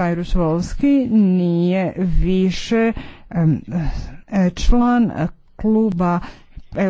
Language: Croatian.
Kajruš Volski nije više eh, član eh, kluba